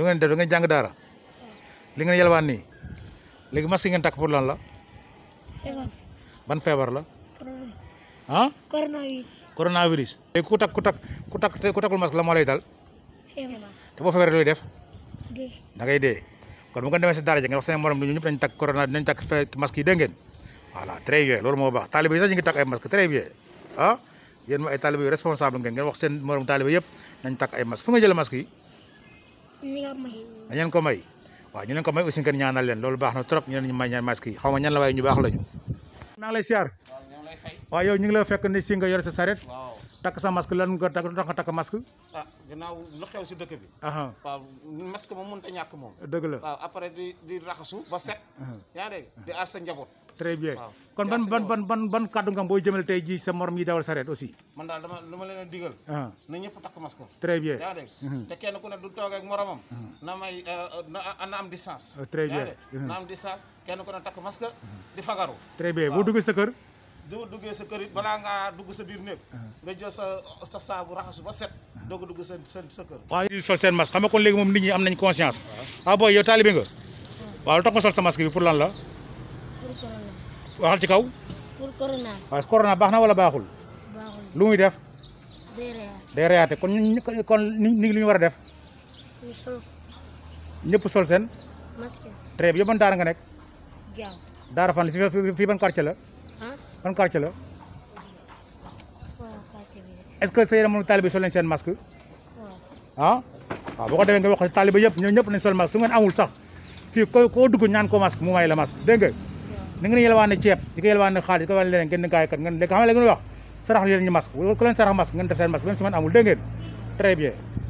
lu ngeen def da ngeen jàng daara li ngeen yalwaan nii léegi masque ngeen tak pour lan la. ban feebar la. ah. coronavirus. coronavirus. léegi ku takk ku tak ku takk ku takkul la moo lay dal. te boo feebaree looy def. dee da ngay dee kon bu ngeen demee si daara ja ngeen wax seen nañ takk corona nañ ngeen voilà très loolu moo baax taalibe yi sax ñu ngi takk ay masque très bien ah yéen ma ay taalibe yu responsable ngeen ngeen wax seen morom taalibe yëpp nañ takk ay mas fu nga dañeen ko may waaw ñu leen ko may aussi ngeen ñaanal leen loolu baax na trop ñu leen may ñaan masque xaw ma ñan la waaye ñu baax lañu maa lay siyaar waaw yow ñu ngi la fekk ni si nga yore sa saret takk sa masque lan nga takk lu tax nga takk masque ah gannaaw lu xew si dëkk bi waaw masque moom mënut a ñàkk moom dëgg la waaw après di raxasu ba set yaa ngi dégg sa njaboot très bien kon ban ban ban ban ban kàddu nga xam booy tey jii sa morom yi dawal sareet aussi lu ma leen digal ah. na ñëpp takk masque très bien mm-hmm. te kenn ku ne du toog ak moromam mm-hmm. na may euh, euh, ah, na am distance ah, très bien mm-hmm. na am distance kenn ku ne takk masque di fagaru très bien boo duggee sa kër doo duggee sa kër it balaa ngaa dugg sa biir néeg nga jël sa sa saabu raxasu ba set doog a dugg sa sa kër waaw di sol seen masque xam nga kon léegi moom nit ñi am nañ conscience ah booy mm. la waxal ci kaw. pour corona. baax na wala baaxul. baaxul lu muy def. day reyaate day reyaate kon ni kon ñu ngi lu war a def. ñu sol. seen. masque. très bien ban daara nga nekk. jaaw daara fan fii fii fii ban quartier la. ah ban la. est-ce que sa yéen a mën taalibe seen masque. ah waaw boo ko defee nga wax ko taalibe yëpp ñoom ñëpp sol masque su ngeen amul sax fii ko koo dugg ñaan ko masque mu may la masque dégg nga. na ngeen yelwaane ceeb di ko yelwaane xaalis di leneen ngeen di gaay kat ngeen léegi xam nga léegi wax sarax leen ñu masque leen sarax masque ngeen def seen masque même su ngeen amul dégg ngeen très